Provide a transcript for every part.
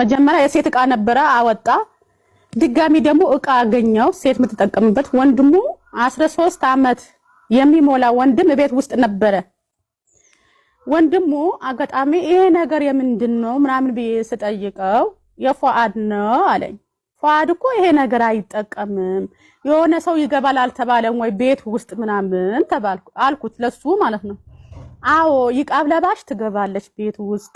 መጀመሪያ የሴት እቃ ነበረ አወጣ። ድጋሚ ደግሞ እቃ አገኘው ሴት የምትጠቀምበት ወንድሙ አስራ ሶስት አመት የሚሞላ ወንድም ቤት ውስጥ ነበረ። ወንድሙ አጋጣሚ ይሄ ነገር የምንድን ነው ምናምን ብዬ ስጠይቀው የፏአድ ነው አለኝ። ፏአድ እኮ ይሄ ነገር አይጠቀምም የሆነ ሰው ይገባል አልተባለም ወይ ቤት ውስጥ ምናምን ተባልኩ አልኩት፣ ለሱ ማለት ነው። አዎ ይቃብ ለባሽ ትገባለች ቤት ውስጥ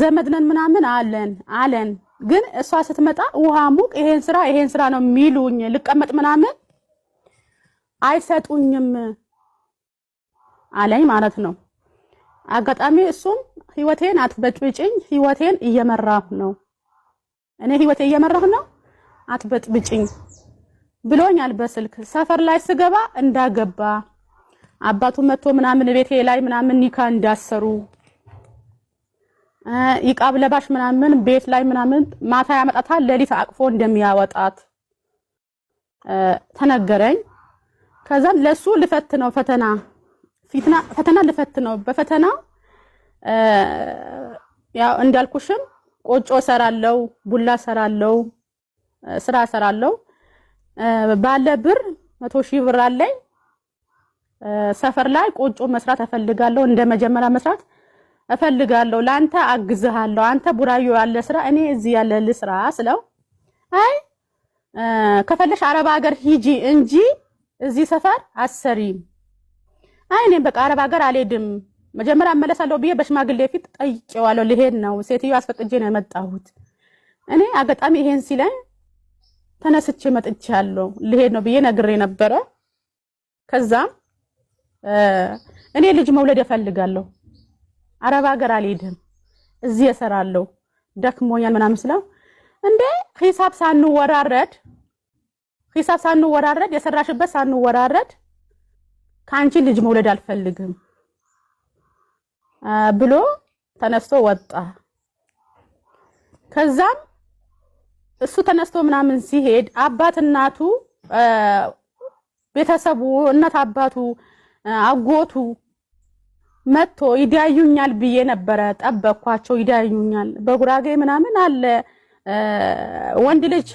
ዘመድነን ምናምን አለን አለን ግን እሷ ስትመጣ ውሃ ሙቅ ይሄን ስራ ይሄን ስራ ነው የሚሉኝ። ልቀመጥ ምናምን አይሰጡኝም አለኝ ማለት ነው። አጋጣሚ እሱም ህይወቴን አትበጥብጭኝ፣ ህይወቴን እየመራሁ ነው እኔ ህይወቴ እየመራሁ ነው አትበጥብጭኝ ብሎኛል በስልክ። ሰፈር ላይ ስገባ እንዳገባ አባቱ መጥቶ ምናምን ቤቴ ላይ ምናምን ኒካ እንዳሰሩ ይቃብ ለባሽ ምናምን ቤት ላይ ምናምን ማታ ያመጣታል፣ ሌሊት አቅፎ እንደሚያወጣት ተነገረኝ። ከዛም ለሱ ልፈት ነው ፈተና ፊትና ፈተና ልፈት ነው። በፈተናው ያው እንዳልኩሽም ቆጮ ሰራለው፣ ቡላ ሰራለው፣ ስራ ሰራለው። ባለ ብር መቶ ሺህ ብር አለኝ። ሰፈር ላይ ቆጮ መስራት እፈልጋለሁ እንደ መጀመሪያ መስራት እፈልጋለሁ ለአንተ አግዝሃለሁ፣ አንተ ቡራዮ ያለ ስራ እኔ እዚህ ያለ ልስራ ስለው፣ አይ ከፈለሽ አረብ ሀገር ሂጂ እንጂ እዚህ ሰፈር አሰሪም። አይ እኔም በቃ አረብ ሀገር አልሄድም፣ መጀመሪያ እመለሳለሁ ብዬ በሽማግሌ ፊት ጠይቄዋለሁ። ልሄድ ነው፣ ሴትዮ አስፈቅጄ ነው የመጣሁት። እኔ አጋጣሚ ይሄን ሲለኝ ተነስቼ መጥቻለሁ፣ ልሄድ ነው ብዬ ነግሬ ነበረ። ከዛም እኔ ልጅ መውለድ እፈልጋለሁ አረብ ሀገር አልሄድም እዚህ እሰራለሁ ደክሞኛል ምናምን ስለው እንዴ ሂሳብ ሳንወራረድ ሂሳብ ሳንወራረድ የሰራሽበት ሳንወራረድ ከአንቺ ልጅ መውለድ አልፈልግም ብሎ ተነስቶ ወጣ። ከዛም እሱ ተነስቶ ምናምን ሲሄድ አባት እናቱ ቤተሰቡ እናት አባቱ አጎቱ መጥቶ ይዳዩኛል ብዬ ነበረ ጠበቅኳቸው። ይዳዩኛል በጉራጌ ምናምን አለ ወንድ ልጅ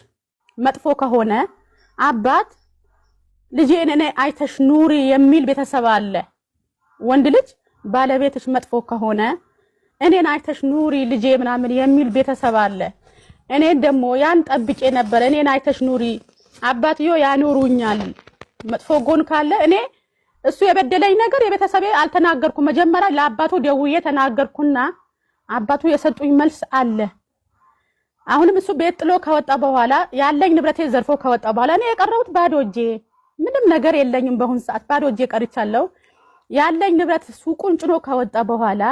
መጥፎ ከሆነ አባት ልጄን እኔ አይተሽ ኑሪ የሚል ቤተሰብ አለ። ወንድ ልጅ ባለቤትሽ መጥፎ ከሆነ እኔን አይተሽ ኑሪ ልጄ ምናምን የሚል ቤተሰብ አለ። እኔ ደግሞ ያን ጠብቄ ነበረ። እኔን አይተሽ ኑሪ አባትዮ ያኖሩኛል መጥፎ ጎን ካለ እኔ እሱ የበደለኝ ነገር የቤተሰቤ አልተናገርኩም። መጀመሪያ ለአባቱ ደውዬ ተናገርኩና አባቱ የሰጡኝ መልስ አለ። አሁንም እሱ ቤት ጥሎ ከወጣ በኋላ ያለኝ ንብረቴ ዘርፎ ከወጣ በኋላ እኔ የቀረሁት ባዶ እጄ ምንም ነገር የለኝም። በአሁኑ ሰዓት ባዶ እጄ ቀርቻለሁ። ያለኝ ንብረት ሱቁን ጭኖ ከወጣ በኋላ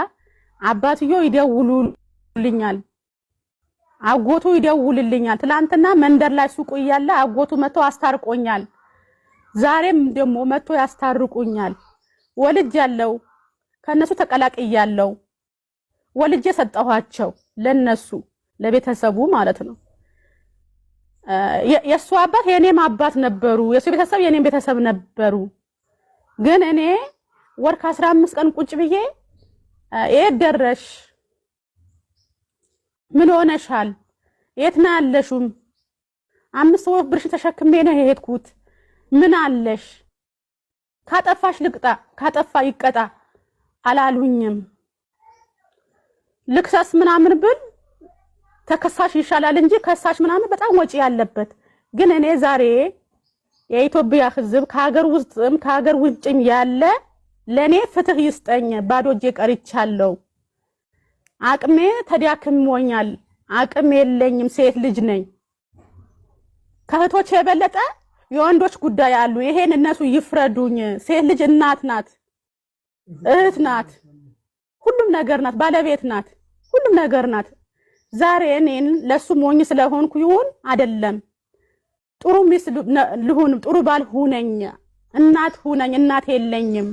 አባትዮ ይደውሉልኛል፣ አጎቱ ይደውልልኛል። ትላንትና መንደር ላይ ሱቁ እያለ አጎቱ መጥቶ አስታርቆኛል። ዛሬም ደግሞ መጥቶ ያስታርቁኛል። ወልጅ ያለው ከነሱ ተቀላቅያለው ወልጅ የሰጠኋቸው ለነሱ ለቤተሰቡ ማለት ነው። የእሱ አባት የእኔም አባት ነበሩ። የእሱ ቤተሰብ የእኔም ቤተሰብ ነበሩ። ግን እኔ ወር ከአስራ አምስት ቀን ቁጭ ብዬ የት ደረሽ? ምን ሆነሻል? የት ነው ያለሹም? አምስት ወር ብርሽ ተሸክሜ ነው የሄድኩት ምን አለሽ? ካጠፋሽ ልቅጣ፣ ካጠፋ ይቀጣ አላሉኝም። ልክሰስ ምናምን ብል ተከሳሽ ይሻላል እንጂ ከሳሽ ምናምን በጣም ወጪ ያለበት ግን እኔ ዛሬ የኢትዮጵያ ሕዝብ ከሀገር ውስጥም ከሀገር ውጭም ያለ ለእኔ ፍትህ ይስጠኝ። ባዶ እጄ ቀርቻለሁ። አቅሜ ተዳክሞኛል። አቅም የለኝም። ሴት ልጅ ነኝ ከእህቶች የበለጠ የወንዶች ጉዳይ አሉ። ይሄን እነሱ ይፍረዱኝ። ሴት ልጅ እናት ናት፣ እህት ናት፣ ሁሉም ነገር ናት፣ ባለቤት ናት፣ ሁሉም ነገር ናት። ዛሬ እኔን ለሱ ሞኝ ስለሆንኩ ይሁን አይደለም፣ ጥሩ ሚስት ልሁን፣ ጥሩ ባል ሁነኝ፣ እናት ሁነኝ፣ እናት የለኝም፣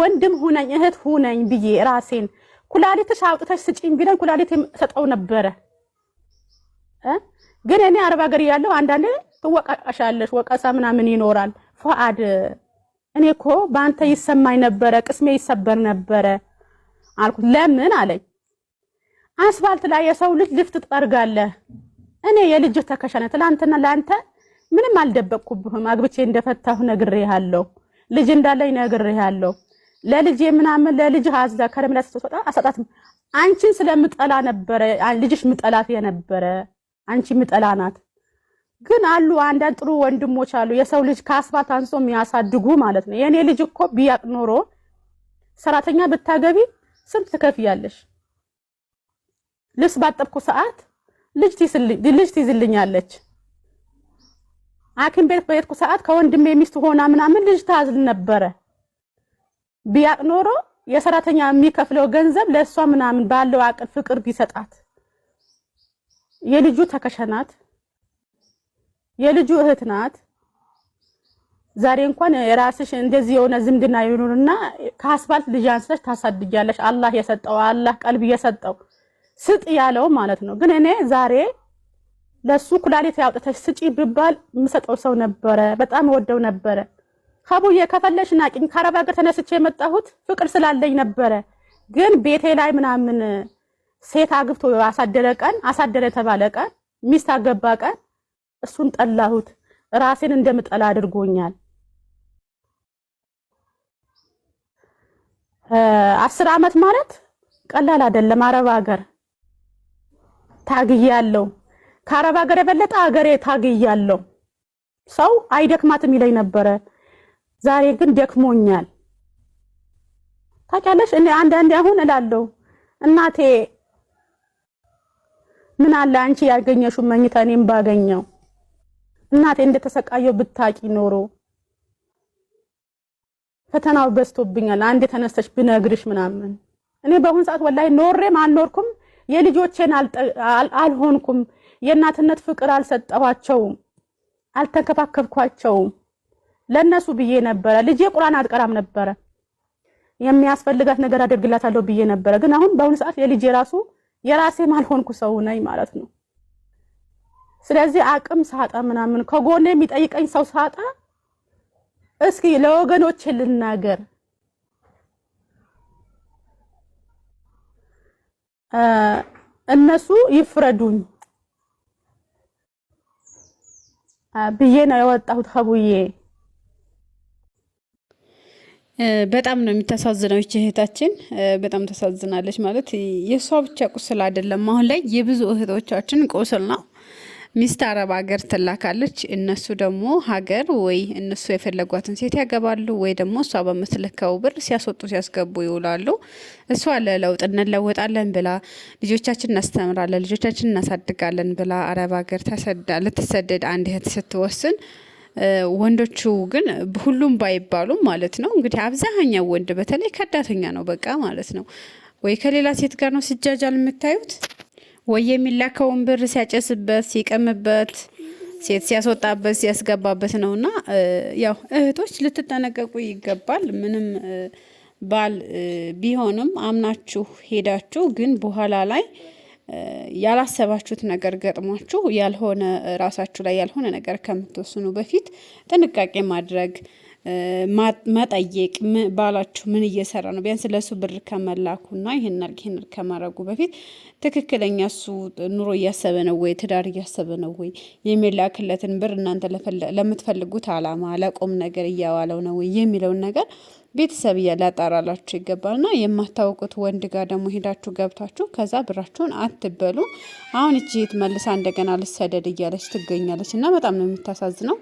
ወንድም ሁነኝ፣ እህት ሁነኝ ብዬ ራሴን ኩላሊትሽ አውጥተሽ ስጪኝ ቢለን ኩላሊት ሰጠው ነበረ። ግን እኔ አረብ ሀገር ያለው አንዳንድ ትወቃሻለሽ፣ ወቀሳ ምናምን ይኖራል። ፈአድ እኔ እኮ በአንተ ይሰማኝ ነበረ፣ ቅስሜ ይሰበር ነበረ አልኩት። ለምን አለኝ። አስፋልት ላይ የሰው ልጅ ልፍት ትጠርጋለህ። እኔ የልጅ ተከሻነ ትላንትና ለአንተ ምንም አልደበቅኩብህም። አግብቼ እንደፈታሁ ነግሬሃለሁ። ልጅ እንዳለኝ ነግሬሃለሁ። ለልጄ ምናምን ለልጅህ አዝላ ከረሜላ ስትወጣ አሳጣትም። አንቺን ስለምጠላ ነበረ ልጅሽ ምጠላት የነበረ አንቺ ምጠላ ናት። ግን አሉ አንዳንድ ጥሩ ወንድሞች አሉ፣ የሰው ልጅ ከአስፋልት አንሶ የሚያሳድጉ ማለት ነው። የእኔ ልጅ እኮ ቢያቅ ኖሮ ሰራተኛ ብታገቢ ስንት ትከፍያለሽ? ልብስ ባጠብኩ ሰዓት ልጅ ትይዝልኛለች። ሐኪም ቤት በየትኩ ሰዓት ከወንድሜ ሚስት ሆና ምናምን ልጅ ታዝል ነበረ። ቢያቅ ኖሮ የሰራተኛ የሚከፍለው ገንዘብ ለእሷ ምናምን ባለው አቅል ፍቅር ቢሰጣት የልጁ ተከሻ ናት፣ የልጁ እህት ናት። ዛሬ እንኳን የራስሽ እንደዚህ የሆነ ዝምድና ይኑርና ከአስፋልት ልጅ አንስተሽ ታሳድጊያለሽ። አላህ የሰጠው አላህ ቀልብ የሰጠው ስጥ ያለው ማለት ነው። ግን እኔ ዛሬ ለሱ ኩላሊት ያውጥተሽ ስጪ ብባል የምሰጠው ሰው ነበረ። በጣም ወደው ነበረ። ከቡዬ ከፈለሽ ናቂኝ። ከአረብ ሀገር ተነስቼ የመጣሁት ፍቅር ስላለኝ ነበረ። ግን ቤቴ ላይ ምናምን ሴት አግብቶ አሳደረ ቀን አሳደረ የተባለ ቀን ሚስት አገባ ቀን እሱን ጠላሁት፣ ራሴን እንደምጠላ አድርጎኛል። አስር ዓመት ማለት ቀላል አይደለም። አረብ ሀገር ታግያለሁ። ከአረብ ሀገር የበለጠ ሀገሬ ታግያለሁ። ሰው አይደክማትም ይለኝ ነበረ። ዛሬ ግን ደክሞኛል። ታውቂያለሽ፣ እኔ አንዳንዴ አሁን እላለሁ እናቴ ምን አለ አንቺ ያገኘሽው መኝታ እኔም ባገኘው። እናቴ እንደተሰቃየው ብታቂ ኖሮ ፈተናው በዝቶብኛል። አንዴ ተነስተሽ ብነግርሽ ምናምን እኔ በአሁን ሰዓት ወላሂ ኖሬም አልኖርኩም የልጆቼን አልሆንኩም። የእናትነት ፍቅር አልሰጠኋቸውም፣ አልተንከባከብኳቸውም። ለእነሱ ብዬ ነበረ። ልጄ ቁርአን አትቀራም ነበረ፣ የሚያስፈልጋት ነገር አደርግላታለሁ ብዬ ነበረ። ግን አሁን በአሁኑ ሰዓት የልጄ ራሱ የራሴ ማልሆንኩ ሰው ነኝ ማለት ነው። ስለዚህ አቅም ሳጣ ምናምን ከጎኔ የሚጠይቀኝ ሰው ሳጣ እስኪ ለወገኖች ልናገር እነሱ ይፍረዱኝ ብዬ ነው የወጣሁት ከቡዬ በጣም ነው የምታሳዝነው ይች እህታችን፣ በጣም ታሳዝናለች። ማለት የእሷ ብቻ ቁስል አይደለም፣ አሁን ላይ የብዙ እህቶቻችን ቁስል ነው። ሚስት አረብ ሀገር ትላካለች። እነሱ ደግሞ ሀገር ወይ እነሱ የፈለጓትን ሴት ያገባሉ ወይ ደግሞ እሷ በምትልከው ብር ሲያስወጡ ሲያስገቡ ይውላሉ። እሷ ለለውጥ እንለወጣለን ብላ ልጆቻችን እናስተምራለን ልጆቻችን እናሳድጋለን ብላ አረብ ሀገር ልትሰደድ አንድ እህት ስትወስን ወንዶቹ ግን ሁሉም ባይባሉም ማለት ነው እንግዲህ አብዛኛው ወንድ በተለይ ከዳተኛ ነው በቃ ማለት ነው። ወይ ከሌላ ሴት ጋር ነው ሲጃጃል የምታዩት፣ ወይ የሚላከውን ብር ሲያጨስበት፣ ሲቀምበት፣ ሴት ሲያስወጣበት፣ ሲያስገባበት ነው። እና ያው እህቶች ልትጠነቀቁ ይገባል። ምንም ባል ቢሆንም አምናችሁ ሄዳችሁ ግን በኋላ ላይ ያላሰባችሁት ነገር ገጥሟችሁ ያልሆነ ራሳችሁ ላይ ያልሆነ ነገር ከምትወስኑ በፊት ጥንቃቄ ማድረግ መጠየቅ ባላችሁ ምን እየሰራ ነው? ቢያንስ ለእሱ ብር ከመላኩና ይህን ይህን ከማድረጉ በፊት ትክክለኛ እሱ ኑሮ እያሰበ ነው ወይ ትዳር እያሰበ ነው ወይ የሚላክለትን ብር እናንተ ለምትፈልጉት አላማ ለቆም ነገር እያዋለው ነው ወይ የሚለውን ነገር ቤተሰብ ይገባል። ና የማታውቁት ወንድ ጋር ደግሞ ሄዳችሁ ገብታችሁ ከዛ ብራችሁን አትበሉ። አሁን እቺ መልሳ እንደገና ልሰደድ እያለች ትገኛለች እና በጣም ነው የምታሳዝነው።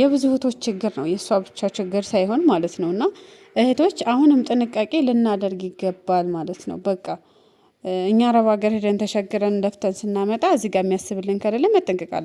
የብዙ እህቶች ችግር ነው፣ የእሷ ብቻ ችግር ሳይሆን ማለት ነው። እና እህቶች አሁንም ጥንቃቄ ልናደርግ ይገባል ማለት ነው። በቃ እኛ አረብ ሀገር ሄደን ተሸግረን ለፍተን ስናመጣ እዚህ ጋር የሚያስብልን ከሌለ መጠንቀቃለን።